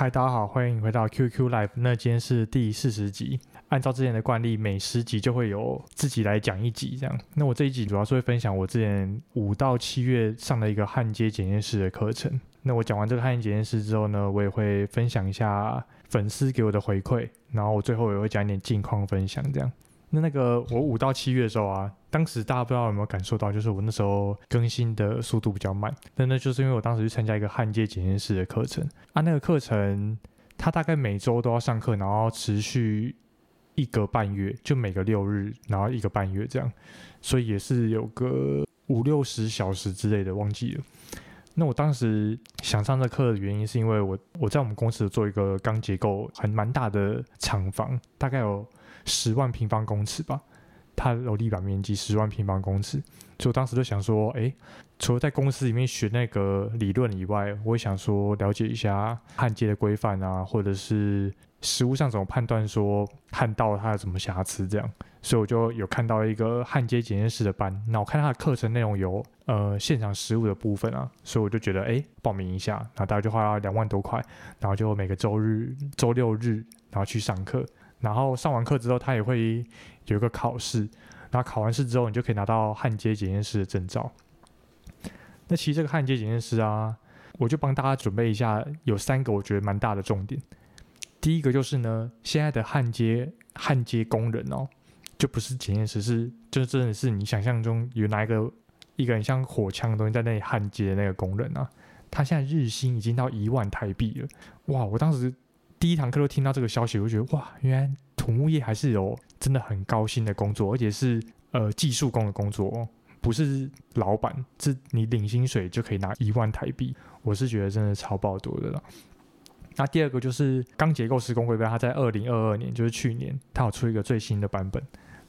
嗨，大家好，歡迎回到 QQ Live。那今天是第四十集，按照之前的慣例，每十集就會有自己來講一集，這樣。那我這一集主要是會分享我之前五到七月上的一個焊接檢驗師的課程。那我講完這個焊接檢驗師之後呢，我也會分享一下粉絲給我的回饋，然後我最後也會講一點近況分享，這樣。那那個我五到七月的時候啊。當時大家不知道有沒有感受到，就是我那時候更新的速度比較慢，但那就是因為我當時去參加一個焊接檢驗師的課程啊，那個課程他大概每週都要上課，然後持續一個半月，就每個六日，然後一個半月這樣，所以也是有個五六十小時之類的，忘記了。那我當時想上這課的原因，是因為我我在我們公司做一個鋼結構，還蠻大的廠房，大概有十萬平方公尺吧。它的樓地板面積十萬平方公尺，所以我當時就想說，哎，除了在公司裡面學那個理論以外，我也想說了解一下焊接的規範啊，或者是實物上怎麼判斷說焊道它有什麼瑕疵這樣，所以我就有看到一個焊接檢驗師的班，那我看它的課程內容有呃現場實物的部分啊，所以我就覺得哎，報名一下，然後大概就花了兩萬多塊，然後就每個周日、周六日然後去上課。然後上完課之後，他也會有一個考試。然後考完試之後，你就可以拿到焊接檢驗師的證照。那其實這個焊接檢驗師啊，我就幫大家準備一下，有三個我覺得蠻大的重點。第一個就是呢，現在的焊接焊接工人哦，就不是檢驗師，是就真的是你想象中有拿一個一個很像火槍的東西在那裡焊接的那個工人啊，他現在日薪已經到一萬台幣了，哇！我當時。第一堂課都聽到這個消息，我就覺得哇，原來土木業還是有真的很高薪的工作，而且是呃技術工的工作，哦，不是老闆，是你領薪水就可以拿一萬台幣，我是覺得真的超爆多的了。那第二個就是鋼結構施工規範，他在二零二二年，就是去年，他有出一個最新的版本。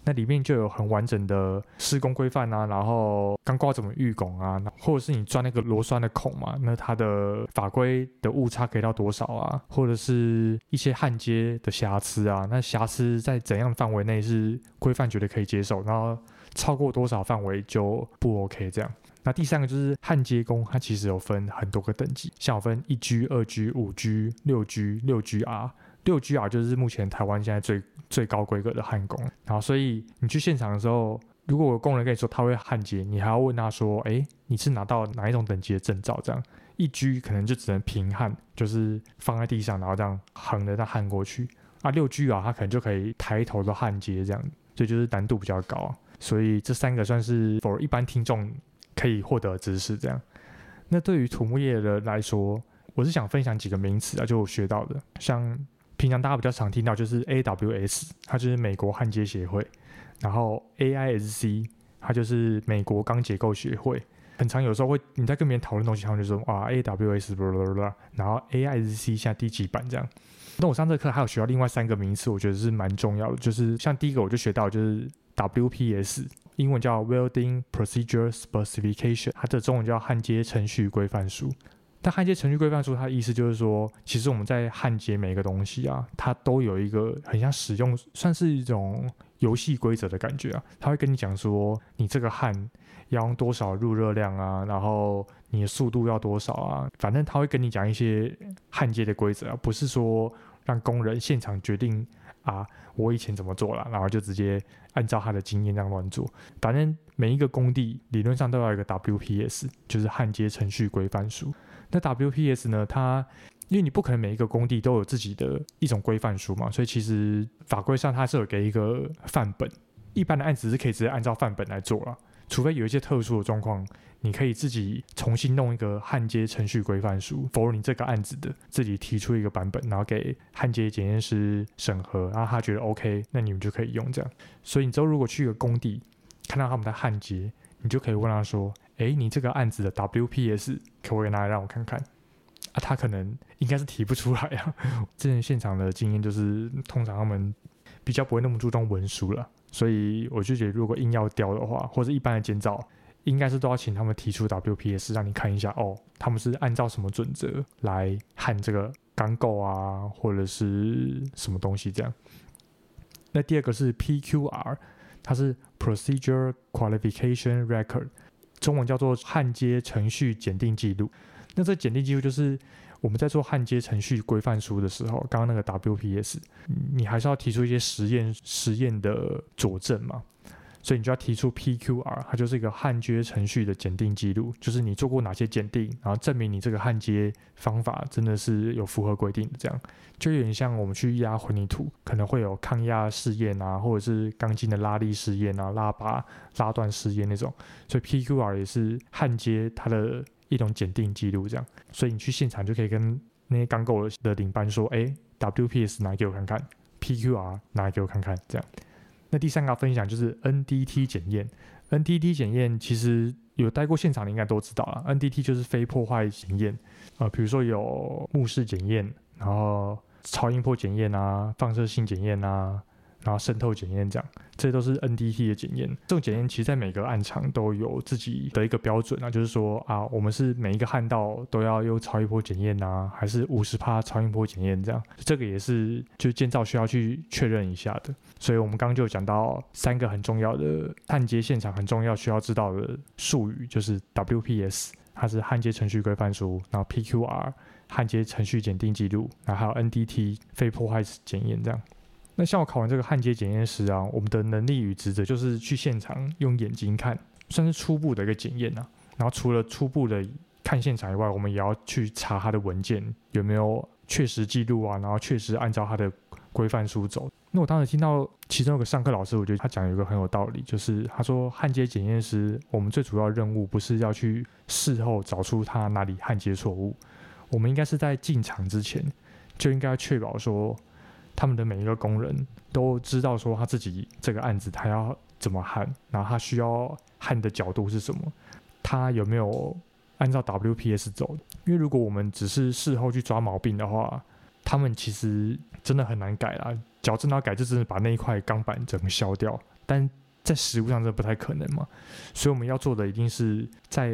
那裡面就有很完整的施工規範啊，然後鋼構怎麼預拱啊，或者是你鑽那個螺栓的孔嘛，那它的法規的誤差給到多少啊？或者是一些焊接的瑕疵啊，那瑕疵在怎樣範圍內是規範覺得可以接受，然後超過多少範圍就不 OK 這樣。那第三個就是焊接工，它其實有分很多個等級，像我分一 G、二 G、五 G、六 G、六 GR。六 G 啊，就是目前台灣現在最最高規格的焊工，然後所以你去現場的時候，如果有工人跟你說他會焊接，你還要問他說，誒、欸，你是拿到哪一種等級的證照？這樣一 G 可能就只能平焊，就是放在地上，然後這樣橫着在焊過去啊，六 G 啊，他可能就可以抬頭的焊接這樣，所以就是難度比較高。所以這三個算是 for 一般聽眾可以獲得的知識這樣。那對於土木業的人來說，我是想分享幾個名詞啊，就我學到的，像。平常大家比較常聽到就是 A.W.S，它就是美國焊接協會，然後 A.I.S.C，它就是美國鋼結構協會。很常有時候會你在跟別人討論東西，他們就說哇 A.W.S 啦，然後 A.I.S.C 現在第幾版這樣。那我上這課還有學到另外三個名詞，我覺得是蠻重要的，就是像第一個我就學到就是 W.P.S，英文叫 Welding Procedure Specification，它的中文叫焊接程序規範書。但焊接程序規範書，它的意思就是說，其實我們在焊接每一個東西啊，它都有一個很像使用，算是一種遊戲規則的感覺啊。他會跟你講說，你這個焊要用多少入熱量啊，然後你的速度要多少啊，反正他會跟你講一些焊接的規則啊，不是說讓工人現場決定啊，我以前怎麼做了，然後就直接按照他的經驗那樣亂做。反正每一個工地理論上都要有一個 WPS，就是焊接程序規範書。那 WPS 呢？它因為你不可能每一個工地都有自己的一種規範書嘛，所以其實法規上它是有給一個範本，一般的案子是可以直接按照範本來做了，除非有一些特殊的狀況，你可以自己重新弄一個焊接程序規範書，符合你這個案子的，自己提出一個版本，然後給焊接檢驗師審核，然後他覺得 OK，那你們就可以用這樣。所以你之後如果去一個工地，看到他們在焊接，你就可以問他說。哎，你這個案子的 WPS 可不可以拿來讓我看看啊？他可能應該是提不出來啊。之前現場的經驗就是，通常他們比較不會那麼注重文書了，所以我就覺得，如果硬要雕的話，或者一般的建造，應該是都要請他們提出 WPS 讓你看一下哦。他們是按照什麼準則來焊這個鋼構啊，或者是什麼東西這樣？那第二個是 PQR，它是 Procedure Qualification Record。中文叫做焊接程序檢定記錄。那這檢定記錄就是我們在做焊接程序規範書的時候，剛剛那個 WPS，你還是要提出一些實驗實驗的佐證嘛？所以你就要提出 PQR，它就是一個焊接程序的檢定記錄，就是你做過哪些檢定，然後證明你這個焊接方法真的是有符合規定的，這樣就有點像我們去壓混凝土，可能會有抗壓試驗啊，或者是鋼筋的拉力試驗啊、拉拔、拉斷試驗那種。所以 PQR 也是焊接它的一種檢定記錄，這樣。所以你去現場就可以跟那些鋼構的領班說：“哎，WPS 拿給我看看，PQR 拿給我看看，看看這樣。”那第三個分享就是 NDT 檢驗。NDT 檢驗其實有待過現場的應該都知道啊，NDT 就是非破壞檢驗，呃，比如說有目視檢驗，然後超音波檢驗啊，放射性檢驗啊。然後滲透檢驗這樣，這都是 NDT 的檢驗。這種檢驗其實在每個案場都有自己的一個標準啊，就是說啊，我們是每一個焊道都要有超音波檢驗啊，還是五十趴超音波檢驗這樣？這個也是就建造需要去確認一下的。所以我們剛剛就講到三個很重要的焊接現場很重要需要知道的術語，就是 WPS，它是焊接程序規範書，然後 PQR 焊接程序檢定記錄，然後還有 NDT 非破壞檢驗這樣。那像我考完這個焊接檢驗師啊，我們的能力與職責就是去現場用眼睛看，算是初步的一個檢驗啊。然後除了初步的看現場以外，我們也要去查他的文件有沒有確實記錄啊，然後確實按照他的規範書走。那我當時聽到其中有個上課老師，我覺得他講有一個很有道理，就是他說焊接檢驗師我們最主要任務不是要去事後找出他哪裡焊接錯誤，我們應該是在進場之前就應該確保說。他們的每一個工人都知道說他自己這個案子他要怎麼焊，然後他需要焊的角度是什麼，他有沒有按照 WPS 走？因為如果我們只是事後去抓毛病的話，他們其實真的很難改啊。矯正到改，就真的把那一塊鋼板整個削掉，但在實物上這不太可能嘛？所以我們要做的一定是在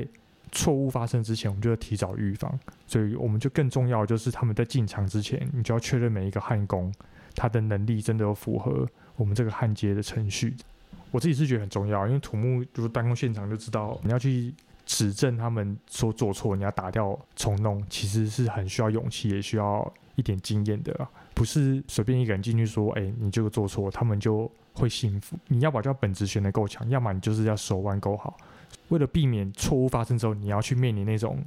錯誤發生之前，我們就要提早預防。所以我們就更重要的就是他們在進場之前，你就要確認每一個焊工。他的能力真的有符合我們這個焊接的程序，我自己是覺得很重要，因為土木，就是單工現場就知道，你要去指正他們說做錯，你要打掉重弄，其實是很需要勇氣，也需要一點經驗的，不是隨便一個人進去說，哎、欸，你就做錯，他們就會信服。你要把這本職學的夠強，要麼你就是要手腕夠好，為了避免錯誤發生之後，你要去面臨那種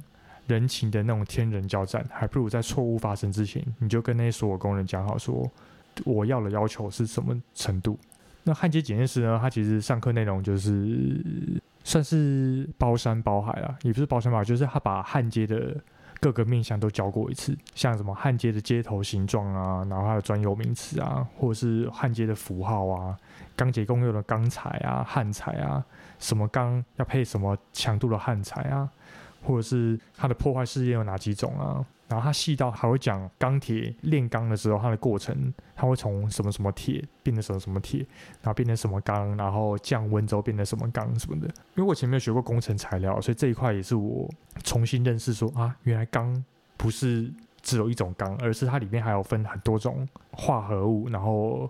人情的那種天人交戰，還不如在錯誤發生之前，你就跟那些所有工人講好說。我要的要求是什麼程度？那焊接檢驗師呢？他其實上課內容就是算是包山包海啊，也不是包山包海，就是他把焊接的各個面向都教過一次，像什麼焊接的接頭形狀啊，然後它的專有名詞啊，或者是焊接的符號啊，鋼結構用的鋼材啊、焊材啊，什麼鋼要配什麼強度的焊材啊，或者是它的破壞試驗有哪幾種啊？然後他細到還會講鋼鐵煉鋼的時候它的過程，他會從什麼什麼鐵變成什麼什麼鐵，然後變成什麼鋼，然後降溫之後變成什麼鋼什麼的。因為我前面有學過工程材料，所以這一塊也是我重新認識說啊，原來鋼不是只有一種鋼，而是它裡面還有分很多種化合物，然後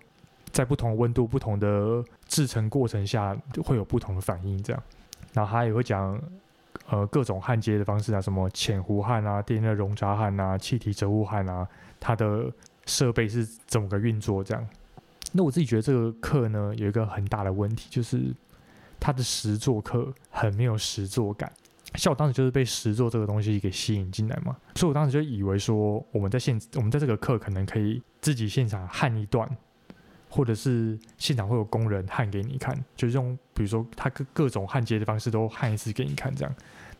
在不同溫度、不同的制成過程下就會有不同的反應這樣。然後他也會講。呃，各種焊接的方式啊，什麼潛弧焊啊、電熱熔渣焊啊、氣體保護焊啊，它的設備是怎麼個運作？這樣，那我自己覺得這個課呢，有一個很大的問題，就是它的實作課很沒有實作感。像我當時就是被實作這個東西給吸引進來嘛，所以我當時就以為說，我們在現我們在這個課可能可以自己現場焊一段。或者是現場會有工人焊給你看，就是用比如說他各各種焊接的方式都焊一次給你看，這樣，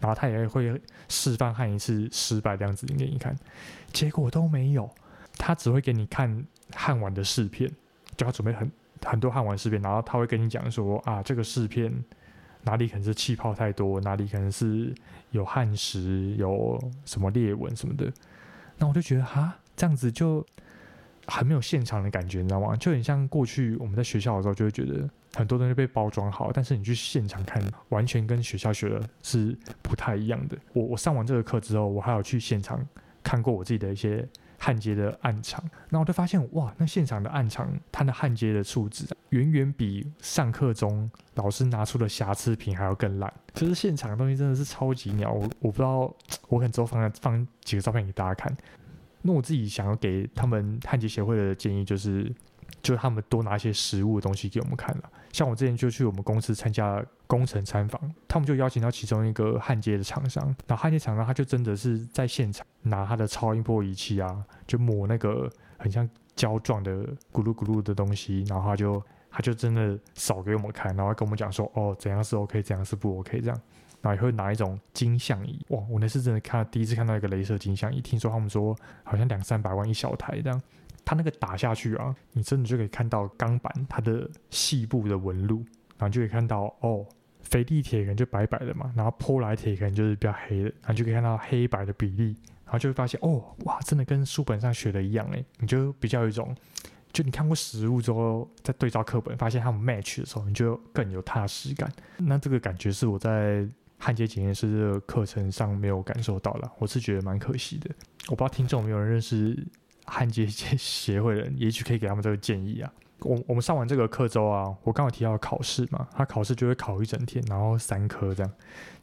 然後他也會示範焊一次失敗這樣子給你看，結果都沒有，他只會給你看焊完的試片，就要準備很很多焊完試片，然後他會跟你講說啊這個試片哪裡可能是氣泡太多，哪裡可能是有焊石有什麼裂紋什麼的，那我就覺得啊這樣子就。很沒有現場的感覺，你知道嗎？就很像過去我們在學校的時候，就會覺得很多東西被包裝好，但是你去現場看，完全跟學校學的是不太一樣的。我我上完這個課之後，我還有去現場看過我自己的一些焊接的暗場，那我就發現哇，那現場的暗場它的焊接的素質，遠遠比上課中老師拿出的瑕疵品還要更爛。就是現場的東西真的是超級鳥。我我不知道，我可能之後放，放幾個照片給大家看。那我自己想要給他們焊接協會的建議就是，就是他們多拿一些實物的東西給我們看了。像我之前就去我們公司參加了工程參訪，他們就邀請到其中一個焊接的廠商，然後焊接廠商他就真的是在現場拿他的超音波儀器啊，就抹那個很像膠狀的咕嚕咕嚕的東西，然後他就他就真的掃給我們看，然後跟我們講說，哦，怎樣是 OK，怎樣是不 OK 這樣。然後也會拿一種金相儀。哇！我那次真的看到第一次看到一個鐳射金相儀，聽說他們說好像兩三百萬一小台這樣，它那個打下去啊，你真的就可以看到鋼板它的細部的紋路，然後就可以看到哦，肥粒鐵可能就白白的嘛，然後波來鐵可能就是比較黑的，然後就可以看到黑白的比例，然後就會發現哦，哇，真的跟書本上學的一樣誒。你就比較有一種，就你看過實物之後再對照課本，發現它們 match 的時候，你就更有踏實感。那這個感覺是我在。焊接檢驗師這個課程上沒有感受到了，我是覺得蠻可惜的。我不知道聽眾有沒有人認識焊接協會的人，也許可以給他們這個建議啊。我我們上完這個課之後啊，我剛好提到考試嘛，他考試就會考一整天，然後三科這樣。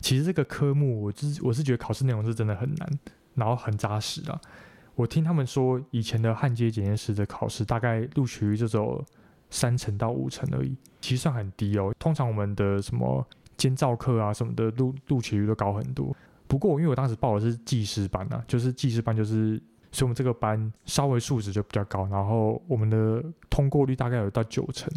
其實這個科目我之、就是、我是覺得考試內容是真的很難，然後很扎實了、啊。我聽他們說，以前的焊接檢驗師的考試大概錄取率就只有三成到五成而已，其實算很低哦。通常我們的什麼？建造課啊什麼的錄錄取率都高很多，不過因為我當時報的是技師班啊，就是技師班就是，所以我們這個班稍微素質就比較高，然後我們的通過率大概有到九成，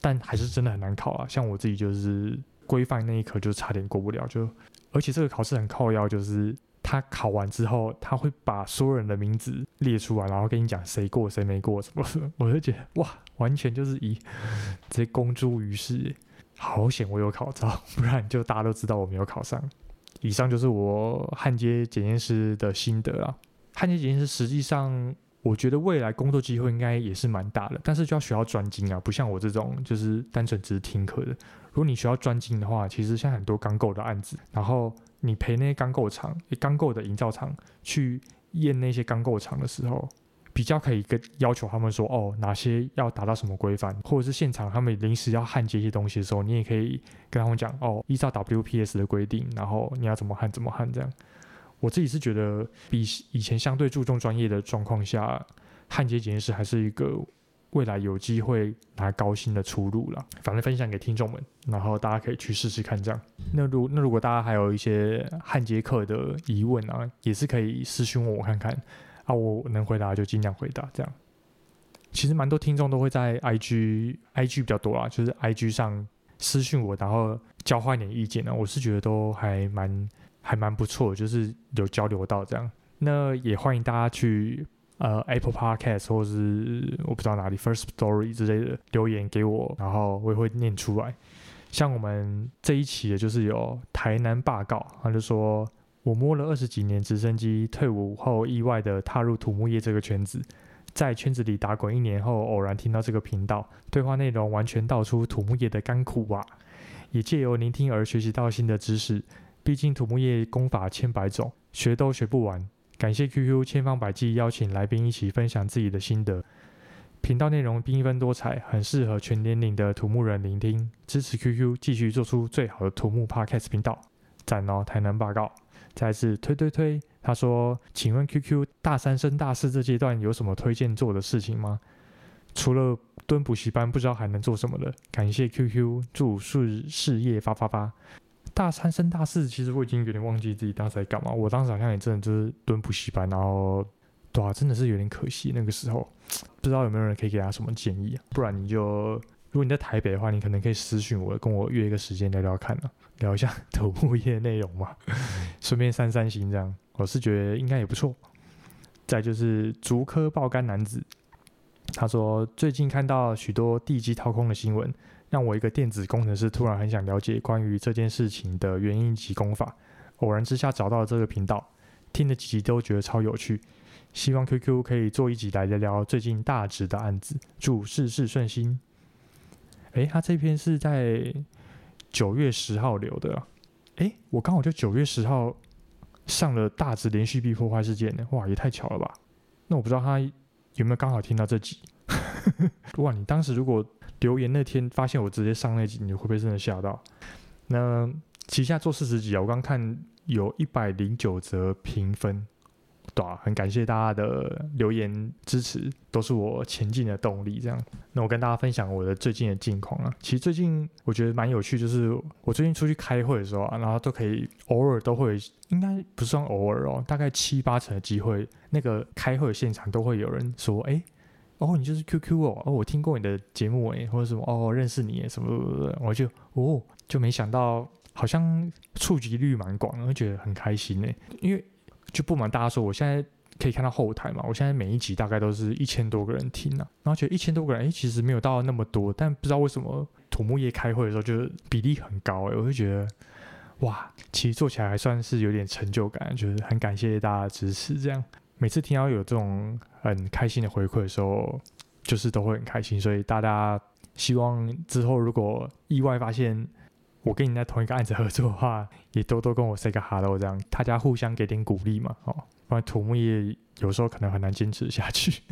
但還是真的很難考啊。像我自己就是規範那一科就差點過不了，就而且這個考試很靠夭，就是他考完之後他會把所有人的名字列出來，然後跟你講誰過誰沒過什麼的，我就覺得哇，完全就是以直接公諸於世、欸。好險我有考照，不然就大家都知道我沒有考上。以上就是我焊接檢驗師的心得啊。焊接檢驗師實際上，我覺得未來工作機會應該也是蠻大的，但是就要學到專精啊，不像我這種就是單純只是聽課的。如果你學到專精的話，其實像很多鋼構的案子，然後你陪那些鋼構廠、鋼構的營造廠去驗那些鋼構廠的時候。比較可以跟要求他們說哦，哪些要達到什麼規範，或者是現場他們臨時要焊接一些東西的時候，你也可以跟他們講哦，依照 WPS 的規定，然後你要怎麼焊怎麼焊這樣。我自己是覺得比以前相對注重專業的狀況下，焊接檢驗師還是一個未來有機會拿高薪的出路了。反正分享給聽眾們，然後大家可以去試試看這樣。那如那如果大家還有一些焊接課的疑問啊，也是可以私訊問我看看。那、啊、我能回答就盡量回答，這樣。其實蠻多聽眾都會在 I G I G 比較多啦，就是 I G 上私信我，然後交換點意見呢。我是覺得都還蠻還蠻不錯的，就是有交流到這樣。那也歡迎大家去呃 Apple Podcast 或者是我不知道哪裡 Firstory 之類的留言給我，然後我也會念出來。像我們這一期的，就是有台南霸告，他就說我摸了二十幾年直升機，退伍後意外的踏入土木業這個圈子，在圈子裡打滾一年後，偶然聽到這個頻道，對話內容完全道出土木業的甘苦啊！也借由聆聽而學習到新的知識，畢竟土木業工法千百種，學都學不完。感謝 QQ 千方百計邀請來賓一起分享自己的心得，頻道內容繽紛多彩，很適合全年齡的土木人聆聽。支持 QQ 繼續做出最好的土木 Podcast 頻道，讚哦！台南報告。再次推推推，他說：“請問 QQ 大三升大四這階段有什麼推薦做的事情嗎？除了蹲補習班，不知道還能做什麼了。”感謝 QQ，祝事事業發發發。大三升大四，其實我已經有點忘記自己當時在幹嘛。我當時好像也真的就是蹲補習班，然後哇、啊，真的是有點可惜。那個時候不知道有沒有人可以給他什麼建議啊？不然你就，如果你在台北的話，你可能可以私訊我，跟我約一個時間聊聊看呢、啊。聊一下土木業內容吧，順便散散心，這樣我是覺得應該也不錯。再就是竹科爆肝男子，他說最近看到許多地基掏空的新聞，讓我一個電子工程師突然很想了解關於這件事情的原因及工法。偶然之下找到了這個頻道，聽了幾集都覺得超有趣。希望 QQ 可以做一集來聊聊最近大直的案子，祝事事順心。誒，他這篇是在。九月十號留的，誒、欸，我剛好就九月十號上了大直連續壁破壞事件，哇，也太巧了吧？那我不知道他有沒有剛好聽到這集。 哇，你當時如果留言那天發現我直接上那集，你會不會真的嚇到？那其實做四十集啊，我剛看有一百零九則評分。對、啊，很感謝大家的留言支持，都是我前進的動力。這樣，那我跟大家分享我的最近的近況啊。其實最近我覺得蠻有趣，就是我最近出去開會的時候、啊、然後都可以偶爾都會，應該不算偶爾哦，大概七八成的機會，那個開會的現場都會有人說：“哎、欸，哦，你就是 QQ 哦，哦，我聽過你的節目誒、欸，或者什麼哦，認識你欸，什麼什麼什麼，我就哦，就沒想到，好像觸及率蠻廣，我覺得很開心哎、欸，因為。就不瞞大家說，我現在可以看到後台嘛，我現在每一集大概都是一千多個人聽了、啊，然後覺得一千多個人，誒、欸，其實沒有到那麼多，但不知道為什麼土木業開會的時候就是比例很高、欸，誒。我就覺得哇，其實做起來還算是有點成就感，就是很感謝大家的支持，這樣每次聽到有這種很開心的回饋的時候，就是都會很開心，所以大家希望之後如果意外發現。我跟你在同一個案子合作的話，也多多跟我 say 個 hello，這樣大家互相給點鼓勵嘛。哦，不然土木業有時候可能很難堅持下去。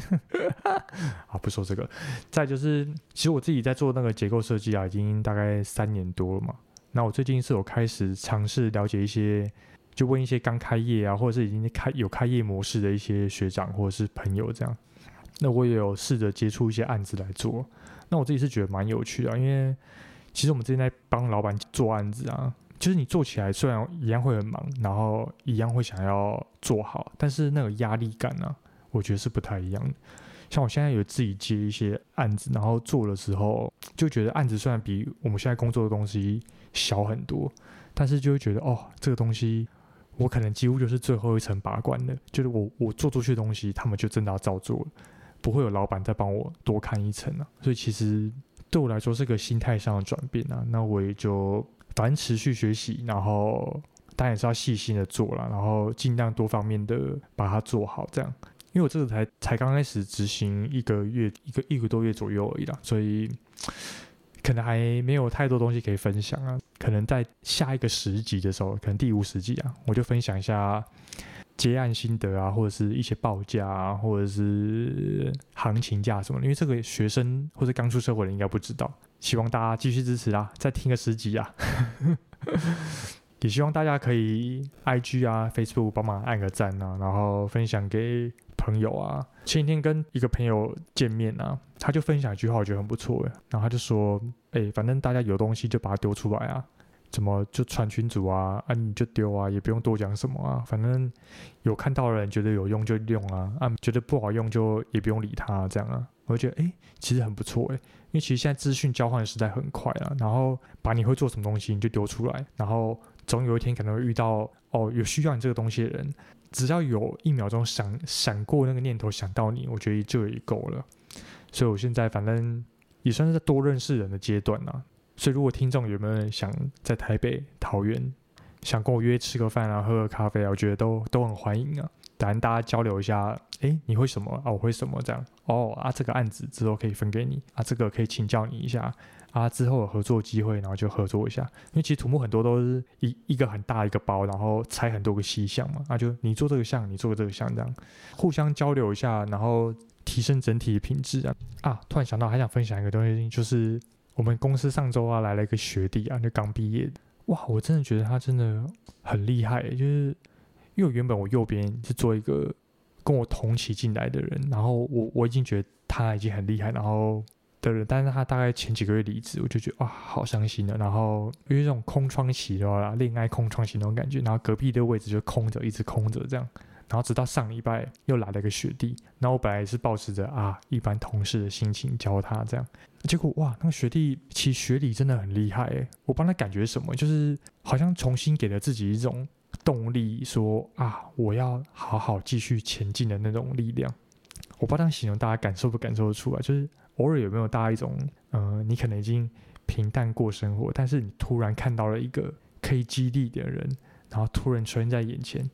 啊， 不說這個。再就是，其實我自己在做那個結構設計啊，已經大概三年多了嘛。那我最近是有開始嘗試了解一些，就問一些剛開業啊，或者是已經開有開業模式的一些學長或者是朋友這樣。那我也有試着接觸一些案子來做。那我自己是覺得蠻有趣的啊，因為。其實我們之前在幫老闆做案子啊，就是你做起來雖然一樣會很忙，然後一樣會想要做好，但是那個壓力感呢、啊，我覺得是不太一樣的。像我現在有自己接一些案子，然後做的時候就覺得案子雖然比我們現在工作的東西小很多，但是就會覺得哦，這個東西我可能幾乎就是最後一層把關的。就是我我做出去的東西他們就真的要照做了，不會有老板再幫我多看一層了、啊。所以其實。對我來說是個心態上的轉變啊，那我也就反正持續學習，然後當然也是要細心的做了，然後盡量多方面的把它做好，這樣。因為我這個才才剛開始執行一個月，一個一個多月左右而已啦。所以可能還沒有太多東西可以分享啊。可能在下一個十集的時候，可能第五十集啊，我就分享一下。接案心得啊，或者是一些報價啊，或者是行情價什麼的？因為這個學生或者剛出社會的人應該不知道，希望大家繼續支持啊，再聽個十集啊！ 也希望大家可以 IG 啊、Facebook 幫忙按個讚啊，然後分享給朋友啊。前幾天跟一個朋友見面啊，他就分享一句話，我覺得很不錯耶。然後他就說：“哎、欸，反正大家有東西就把它丟出來啊。”怎麼就傳群組啊，啊，你就丟啊，也不用多講什麼啊。反正有看到的人覺得有用就用啊，啊，覺得不好用就也不用理他這樣啊。我覺得哎、欸，其實很不錯誒、欸。因為其實現在資訊交換的時代很快啊。然後把你會做什麼東西，你就丟出來，然後總有一天可能會遇到哦，有需要你這個東西的人，只要有一秒鐘閃閃過那個念頭想到你，我覺得也就也夠了。所以我現在反正也算是在多認識人的階段啊。所以，如果聽眾有沒有人想在台北、桃園，想跟我約吃個飯啊、喝個咖啡啊，我覺得都都很歡迎啊。當大家交流一下，哎，你會什麼啊？我會什麼這樣？哦啊，這個案子之後可以分給你啊，這個可以請教你一下啊。之後有合作機會，然後就合作一下。因為其實土木很多都是一一個很大一個包，然後拆很多個細項嘛。啊，就你做這個項，你做這個項這樣，互相交流一下，然後提升整體的品質啊。啊，突然想到還想分享一個東西，就是。我們公司上周啊來了一個學弟啊，就剛畢業。哇，我真的覺得他真的很厲害，欸，就是因為原本我右邊是做一個跟我同期進來的人，然後我我已經覺得他已經很厲害，然後的人，但是他大概前幾個月離職，我就覺得哇，好傷心啊。然後因為這種空窗期的話，戀愛空窗期那種感覺，然後隔壁的位置就空着，一直空着這樣。然後直到上禮拜又來了一個學弟，然後我本來是抱持着啊一般同事的心情教他這樣，結果哇那個學弟其實學理真的很厲害誒，我幫他感覺什麼，就是好像重新給了自己一種動力，說啊我要好好繼續前進的那種力量。我不知道形容大家感受不感受得出來，就是偶爾有沒有大家一種，嗯、呃，你可能已經平淡過生活，但是你突然看到了一個可以激勵的人，然後突然出現在眼前。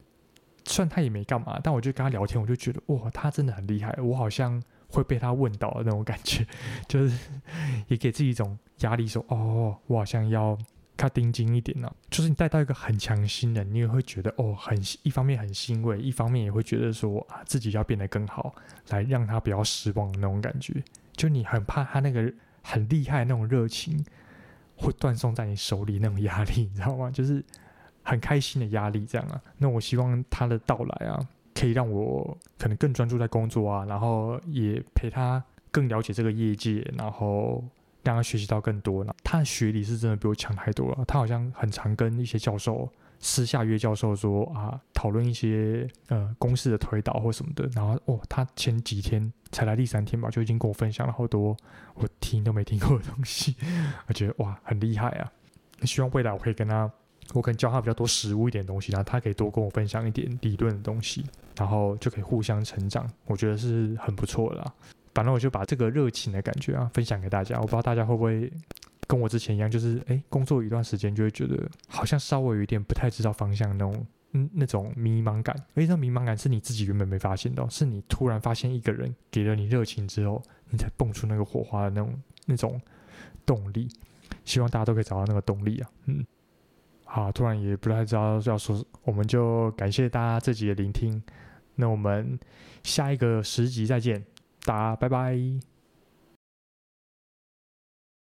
算他也沒幹嘛，但我就跟他聊天，我就覺得哇，他真的很厲害，我好像會被他問到的那種感覺，就是也給自己一種壓力，說哦，我好像要更盯緊一點了啊。就是你帶到一個很強新人，你也會覺得哦，很一方面很欣慰，一方面也會覺得說啊，自己要變得更好，來讓他不要失望的那種感覺。就你很怕他那個很厲害的那種熱情，會斷送在你手裡的那種壓力，你知道嗎？就是。很開心的壓力這樣啊，那我希望他的到來啊，可以讓我可能更專注在工作啊，然後也陪他更了解這個業界，然後讓他學習到更多。他的學歷是真的比我強太多了，他好像很常跟一些教授私下約教授說啊，討論一些呃公式的推導或什麼的。然後哦，他前幾天才來第三天吧，就已經跟我分享了好多我聽都沒聽過的東西，我覺得哇，很厲害啊！希望未來我可以跟他。我可能教他比較多實務一點東西，然後他可以多跟我分享一點理論的東西，然後就可以互相成長。我覺得是很不錯的。反正我就把這個熱情的感覺啊，分享給大家。我不知道大家會不會跟我之前一樣，就是誒、欸、工作一段時間就會覺得好像稍微有一點不太知道方向的那種，嗯，那種迷茫感。欸，這種迷茫感是你自己原本沒發現的，是你突然發現一個人給了你熱情之後，你才蹦出那個火花的那種那種動力。希望大家都可以找到那個動力啊，嗯。好，突然也不太知道要說什麼，我們就感謝大家這集的聆聽，那我們下一個十集再見，大家拜拜。